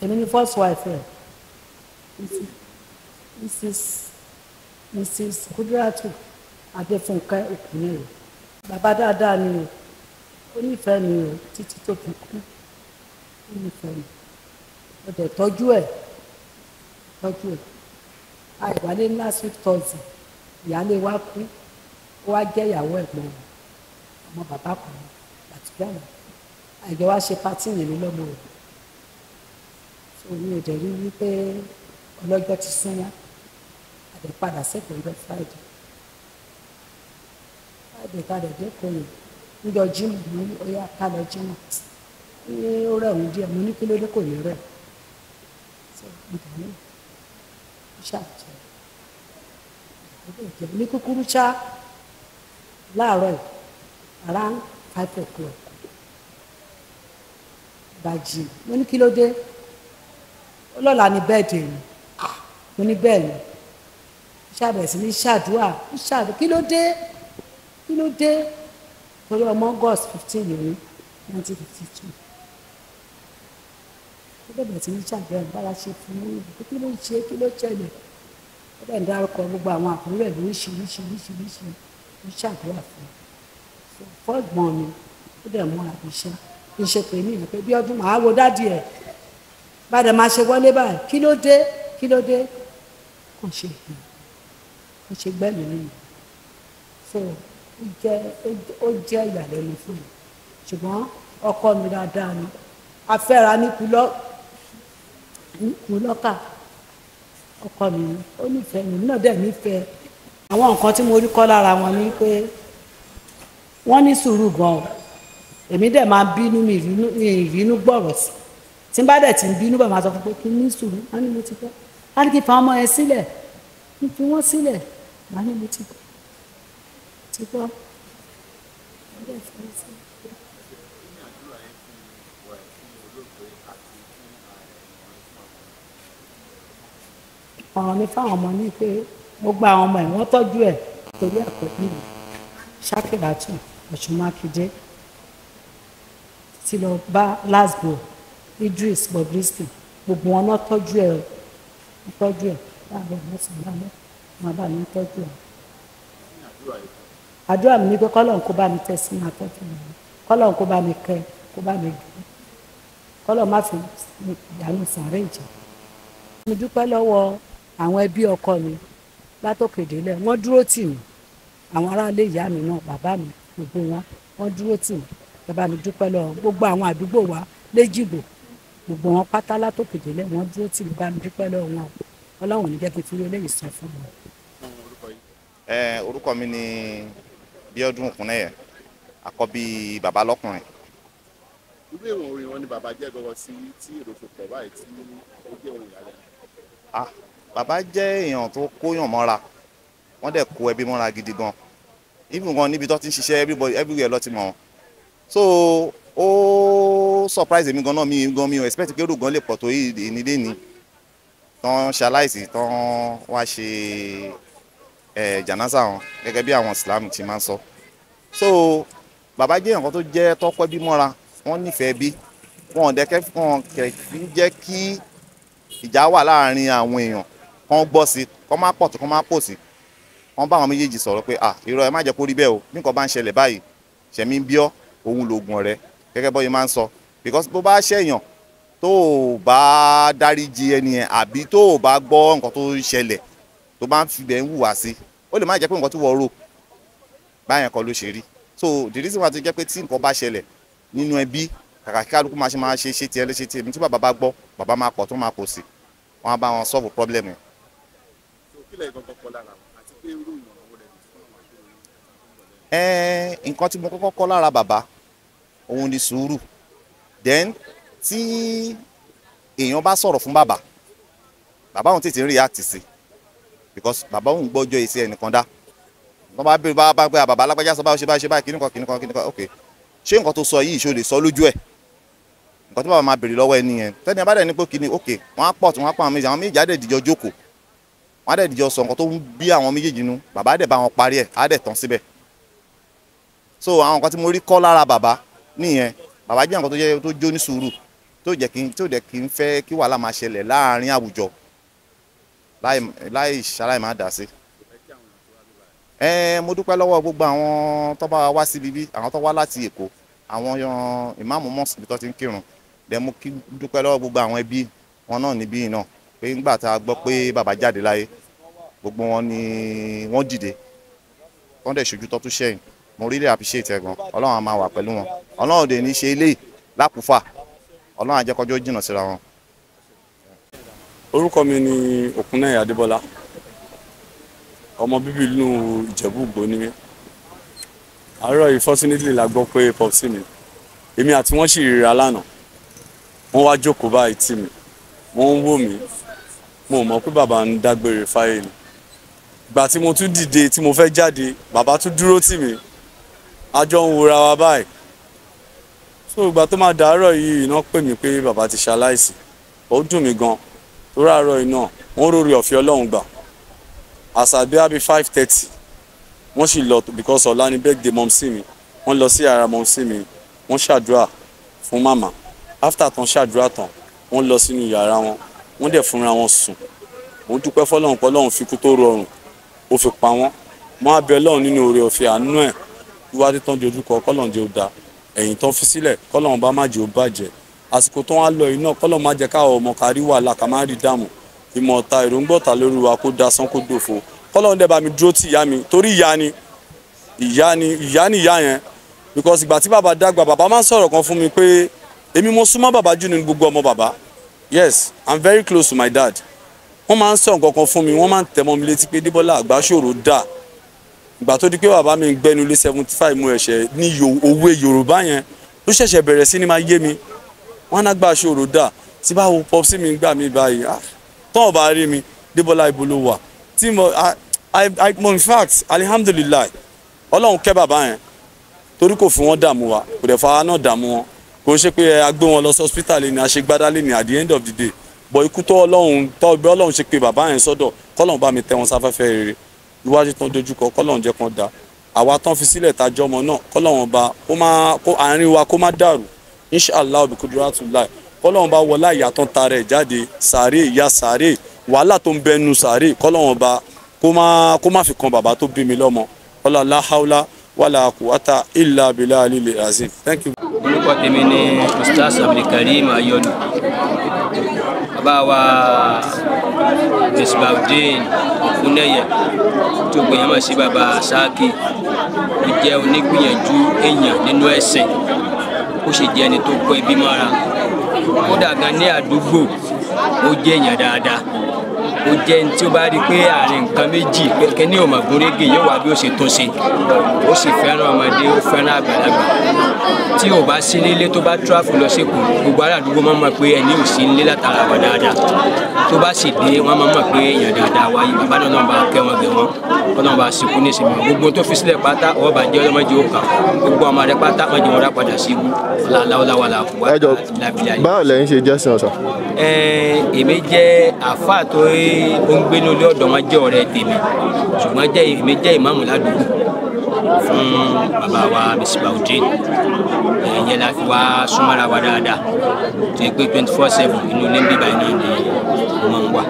èmi ni first wife rẹ̀ mrs mrs kudiratu adéfúnkẹ́ òkúnlẹ̀ rẹ̀ bàbá dáadáa ni o ó nífẹ̀ẹ́ mi o títí tó fi kú ó nífẹ̀ẹ́ mi ó dẹ̀ tọ́jú ẹ̀ tọ́jú ẹ̀ àìwálé ńlá sweet thousand ìyáálé wa kú ó wá jẹ́ ìyàwó ẹ̀gbọ́n mi ọmọ bàbá kan àti grandma àjọ wa ṣe pátì yèmí lọ́mọ rẹ̀ so mi ò dẹ̀ rí wípé ọlọ́jọ́ ti súnmọ́ àdè padà sẹ́kọ̀ọ́ ọjọ́ friday friday padà dẹ́kọ̀ọ́ yìí níjọ jimọ̀ mo ní ó yá ká lọ jimọ̀ ní ó rẹ̀ díẹ̀ mo ní kí ló dé kò rẹ̀ so ìdààmú ṣàtúnṣe ìjẹ̀bú ní kúkúrú ṣá láàárọ̀ yìí around five o'clock bàjì mo ní kí ló dé ó lọ́la ah, ní bẹ́ẹ̀dì mi mo ní bẹ́ẹ̀ ni ṣàbẹ̀sí ní ṣàdúrà ṣàdúrà kí ló dé kí ló dé torí ọmọ august fifteen yìí nineteen fifty two ó bẹ̀rẹ̀ sí ní ṣàdúrà bára ṣe fún mi kí ló ń ṣe kí ló ṣẹlẹ̀ bẹ́ẹ̀ ni dárúkọ gbogbo àwọn àkúrò ẹ̀ lóríṣiríṣiríṣiríṣi ló ṣàdúrà fún un fọ́gbọ́n mi ó dẹ̀ múra kó ṣe iṣẹ́ pé ní ìlú pé bí ọdún màá wo dádì ẹ̀ bá dẹ̀ máa ṣe wọlé báyìí kí ló dé kí ló dé kò ṣe hàn kò ṣe gbẹ́mí nìyí so ó jẹ́ ó jẹ́ ìyàlẹ́nu fún mi ṣùgbọ́n ọkọ mi dáadáa ni afẹ́ra ní kùlọ́kà ọkọ mi ó nífẹ̀ẹ́ mi náà dẹ̀ nífẹ̀ẹ́ àwọn nǹkan tí mo rí kọ́ lára wọn ni pé wọ́n ní sùúrù gan o èmi dẹ̀ máa bínú mi ìrínú gbọ̀rọ̀ sí tí n bá dẹ̀ ti ń bínú bàbá sọ pé kí n ní sùúrù wọ́n ní mo ti gbọ́ wọ́n ní kí n fa ọmọ yẹn sílẹ̀ n fi wọ́n sílẹ̀ wọ́n ní mo ti gbọ́ ti gbọ́ wọ́n dẹ̀ fi wọ́n sílẹ̀. ọ̀rọ̀ mi fáwọn ọmọ ní pé mo gba àwọn ọmọ ẹ̀ wọ́n tọ́jú ẹ̀ torí àkọ́bí mi ṣàkìràtù ọ̀ṣun mákindé ti lọ bá lasbo idris bobrisky gbogbo wọn náà tọ́jú ẹ̀ tọ́jú ẹ̀ láàbọ̀ wọn sì lálẹ́ wọn bá mi tọ́jú ẹ̀. àdúrà mi ni pé kọ́lọ́n kó bá mi tẹ̀ sí máa tọ́jú mi kọ́lọ́n kó bá mi kẹ́ kó bá mi gbé kọ́lọ́n má fi ìyanu sàárẹ̀ ìjà. mo dúpẹ́ lọ́wọ́ àwọn ẹbí ọkọ mi látòkè délẹ̀ wọ́n dúró tì mí àwọn aráalé ìyá mi náà bàbá mi gbogbo wọn wọ́n dúró tì mí bàbá mi dúpẹ́ lọ gbogbo àwọn àdúgbò wa léjìgbò gbogbo wọn pátá látòkè délẹ̀ wọ́n dúró tì mí bá mi dúpẹ́ lọ wọn ọlọ́run ní jẹ́ kí n fúnlé lẹ́yìn sọ fún mi. orúkọ mi ni Bíọ́dún Òkúnnẹ́yẹ àkọ́bí bàbá lọ́kùnrin irú ìwọ̀n orin wọn ni bàbá jẹ́ gọ́gọ́ sí tí èrò fi pọ̀ báyìí tí ó jẹ́ orin bàbá jẹ́ èèyàn tó kóyàn mọ́ra wọ́n dẹ̀ kó ẹbí mọ́ra gidi gan even gan níbi tó ti ń ṣiṣẹ́ everywhere ló mọ̀ so ó surprise èmi gan náà mi gan mi ò expect pé rògán lè pọ̀ tó yìí nílé ni tán ṣaláìsì tán wá ṣe jànásà wọn gẹ́gẹ́ bí àwọn Islam ti máa ń sọ so bàbá jẹ́ nǹkan tó jẹ́ tọ́pẹ́ bí mọ́ra wọ́n nífẹ̀ẹ́ bí wọn ò dẹ́kẹ́ wọn kẹ̀ fi jẹ́ kí ìjà wà láàárín àwọn èèyàn kán gbọ́ sí kán má pọ̀ tó kán má pò sí wọ́n bá àwọn méjèèjì sọ̀rọ̀ pé à irọ́ ẹ má jẹ́ kó rí bẹ́ẹ̀ o bí nǹkan bá ń ṣẹlẹ̀ báyìí ṣẹ̀mí ń bíọ́ òun lògùn ọ̀rẹ́ gẹ́gẹ́ bọ́yẹ máa ń sọ because bó bá ṣẹ̀yàn tó o bá dáríji ẹni yẹn àbí tó o bá gbọ́ nǹkan tó ń ṣẹlẹ̀ tó bá ń fibẹ̀ ń hùwà sí ó lè má jẹ́ pé nǹkan tí wọ́n rò báyẹn kọ́ ló ṣe rí so the reason why tó jẹ́ pé tí nǹkan bá ṣẹlẹ̀ nínú ẹbí kàkà kí kálukú máa ṣe máa ṣe ṣe tiẹ̀ lé ṣe tiẹ̀ mi tí bàbá bá gbọ́ bàbá máa pọ̀ tó máa pọ̀ sí wọ́n á bá wọn solve problem yẹn kílẹ̀ gangan kọ́ lára wọn àti pé irú ìrànlọ́wọ́ nǹkan tí mo kọ́kọ́ kọ́ lára bàbá òun ni sùúrù then tí èèyàn bá sọ̀rọ̀ fún bàbá bàbá òun tètè ń react sí because bàbá òun gbọ́jọ́ èsì ẹnìkan dá wọ́n bá bẹ̀rẹ̀ bá bá pé bàbá alágbájá sọ báwo ṣe báyìí ṣe báyìí kíníkan kíníkan kíníkan ok ṣé nǹkan tó sọ yìí ṣó lè sọ lójú ẹ̀ nǹkan tí bàbá máa bèrè lọ́wọ́ ẹni yẹn tẹ́ni abádẹ́ ní pé kíní ok wọ́n á pọ̀ tí wọ́n á pa àwọn méjì àwọn méjì á dẹ̀ dìjọ jókòó wọ́n á dẹ̀ jọ sọ nǹkan tó ń bí àwọn méjèèjì nu bàbá á dẹ̀ bá wọn parí ẹ̀ á dẹ̀ tán síbẹ̀ so àwọn nǹkan tí mo rí kọ́ lára bàbá nìyẹn bàbá jẹ́ nǹkan tó jẹ́ tó jó ní sùúrù tó jẹ́ kí tó jẹ́ kí n fẹ́ kí wàhálà máa ṣẹlẹ̀ láàrin àwùjọ láì ṣaláì má dà sí. ẹ mo dúpẹ́ lọ́wọ́ gbogbo àwọn tó bá wá síbi bí àwọn tó wá láti Èkó àwọn ìmáàmù mọ́sùlùmí tó ti ń kírun dẹ̀ mo dúpẹ́ lọ́wọ́ gbogbo àwọn ẹbí wọn náà níbí náà pé ńgbà tá a gbọ́ pé bàbá jáde láyé gbogbo wọn ni wọ́n dìde wọ́n dẹ̀ ṣojú tọ́tún sẹ́yìn mo rí lè appreciate ẹ̀ gan ọlọ́run á máa wà pẹ̀lú wọn ọlọ́run dè ní ṣe ilé lákùúfà ọlọ́run á jìnnà síra wọn. orúkọ mi ni òkúnnẹ́yà adébọlá ọmọ bíbí inú ìjẹ̀bú ìgbó ni mí àárọ̀ yìí la gbọ́ pé pop sí mi èmi àti wọ́n sì ríra lánàá wọ́n wá jókòó báyìí tì mí wọ́n ń wò mí mo mọ̀ pé bàbá ń dágbére fáyé ni ìgbà tí mo tún dìde tí mo fẹ́ jáde bàbá tún dúró tì mí a jọ ń wora wa báyìí so ìgbà tó máa dàárọ̀ yìí iná pè mí pé bàbá ti ṣaláìsí ó dùn mí gan tó ráàárọ̀ iná wọ́n rórì ọ̀fẹ́ ọlọ́run gbà àṣàbí àbí five thirty wọ́n sì lọ because ọ̀la ni birthday mom sí mi wọ́n lọ sí ara mom sí mi wọ́n ṣàdúrà fún màmá after tán ṣàdúrà tán wọ́n lọ sínú yàrá wọn wọ́n dẹ̀ fúnra wọn sùn òun dúpẹ́ fọlọ́run pé ọlọ́run fikú tó rọrùn ó fi pa wọ́n mọ́ abẹ́ ọlọ́run nínú oore ọ̀fẹ́ àánú ẹ̀ wíwá títán di ojúkọ kọ́lọ́run jẹ́ ó da ẹ̀yìn tán fi sílẹ̀ kọ́lọ́run bá má jẹ́ ó bàjẹ́ àsìkò tó wá lọ iná kọ́lọ́run má jẹ́ káwọn ọmọ kárí wàhálà ká má rí dààmú ìmọ̀ ọ̀tá èròǹgbọ̀ta lórí wa kó dasán kó dòfo kọ́lọ́run dẹ̀ bá mi dúró tì ìyá mi torí ìyá ni ìyá ni ìyá ni ìyá yẹn because ìgbà tí bàbá dàgbà bàbá máa ń sọ̀rọ̀ kan fún mi pé èmi mo súnmọ́ bàbá jù ní gbogbo ọmọ bàbá yes i'm very close to my dad wọ́n máa ń sọ nǹkan kan fún mi wọ́n máa ń tẹ̀mọ́ mi létí pé débọ́lá àgbáṣòro dà ìgbà tó di pé bàbá mi gbẹ́nu lé seventy five mo ẹ̀ṣẹ̀ ní òwe yorùbá yẹn ló ṣẹ̀ṣẹ̀ bẹ̀rẹ̀ sí ni máa yé mi wọ́n á ná àgbáṣòro dà tí bá wo pop sí mi gbà mí báyìí ah, tán ọ̀bá rí mi débọ́lá ibo ló wà tí mo ah, in fact alihamdulilayi ọlọ́run kẹ́ bàbá yẹn torí kò fi wọ́n dààmú wa kò dẹ̀ fa náà dààmú wọn kò ṣe pé a wọn lọ sí hospital ni a ni at the end of the day bọ̀ ikú tó ọlọ́run tó ọbẹ̀ ọlọ́run ṣe pé bàbá yẹn sọ́dọ̀ kọ́lọ́n bá mi tẹ wọn sáfẹ́fẹ́ rere iwájú tán dojúkọ kọ́lọ́n jẹ́ kan dá àwa tán fi sílẹ̀ tajọ́ ọmọ náà kọ́lọ́n bá kó má kó àárín wa kó má dàrú inshallah obi kudratullah kọ́lọ́n bá wọlá ìyá tán ta rẹ̀ jáde sàárè ìyá sàárè wàhálà tó ń bẹnu sàárè kọ́lọ́n bá kó má kó má fi kan bàbá tó bí mi lọ́mọ ọlọ́lá haúlá wala quwwata illa billahi lil thank you. orúkọ tèmi ni ustaz abdulkareem ayọ̀dù bàbá wa misbaudin okunẹyẹ tó gbìyànjú sí bàbá saaki ó jẹ́ onígbìyànjú èèyàn nínú ẹ̀sìn ó sì jẹ́ ẹni tó kọ́ ẹbí mọ́ra kódà gan ní ó jẹ́ ní tí ó bá rí i pé àárín nǹkan méjì kẹ́kẹ́ ní òmàgúnrégé yóò wá bí ó ṣe tó ṣe ó sì fẹ́ràn ọmọdé ó fẹ́ràn àgbàlagbà tí ò bá sí nílé tó bá tíráfù lọ sẹ́kù gbogbo ará àdúgbò máa mọ̀ pé ẹni ò sí nílé látara wà dáadáa tó bá sì dé wọ́n máa mọ̀ pé èèyàn dáadáa wáyé bàbá náà náà bá kẹ́ wọn gẹ̀ wọ́n wọ́n náà bá sìnkú ní ìsinmi gbogbo tó fi sílẹ̀ pátá ọwọ́ bá jẹ́ ọlọ́mọdé ó kàn gbogbo ọmọ rẹ pátá wọ́n jẹ́ wọn rá padà sí ibú láláwọ́láwọ́lá àfọwọ́ lábílẹ̀ ayé. báwo lẹ́yìn ṣe jẹ́ sìn ọ̀sán. ẹ èmi jẹ́ àfáà tó rí ó ń gbé lórí ọ̀dọ̀ wọn jẹ́ ọ̀rẹ́ tèmi ṣùgbọ́n jẹ́ èmi jẹ́ ìmáàmù ládùúgbò fún bàbá wa bisimilahi ẹ̀yẹ la fi wá súnmọ́ra wa dáadáa tó yẹ pé twenty four seven inú ilé ń bíbá iná ni mo máa ń wà.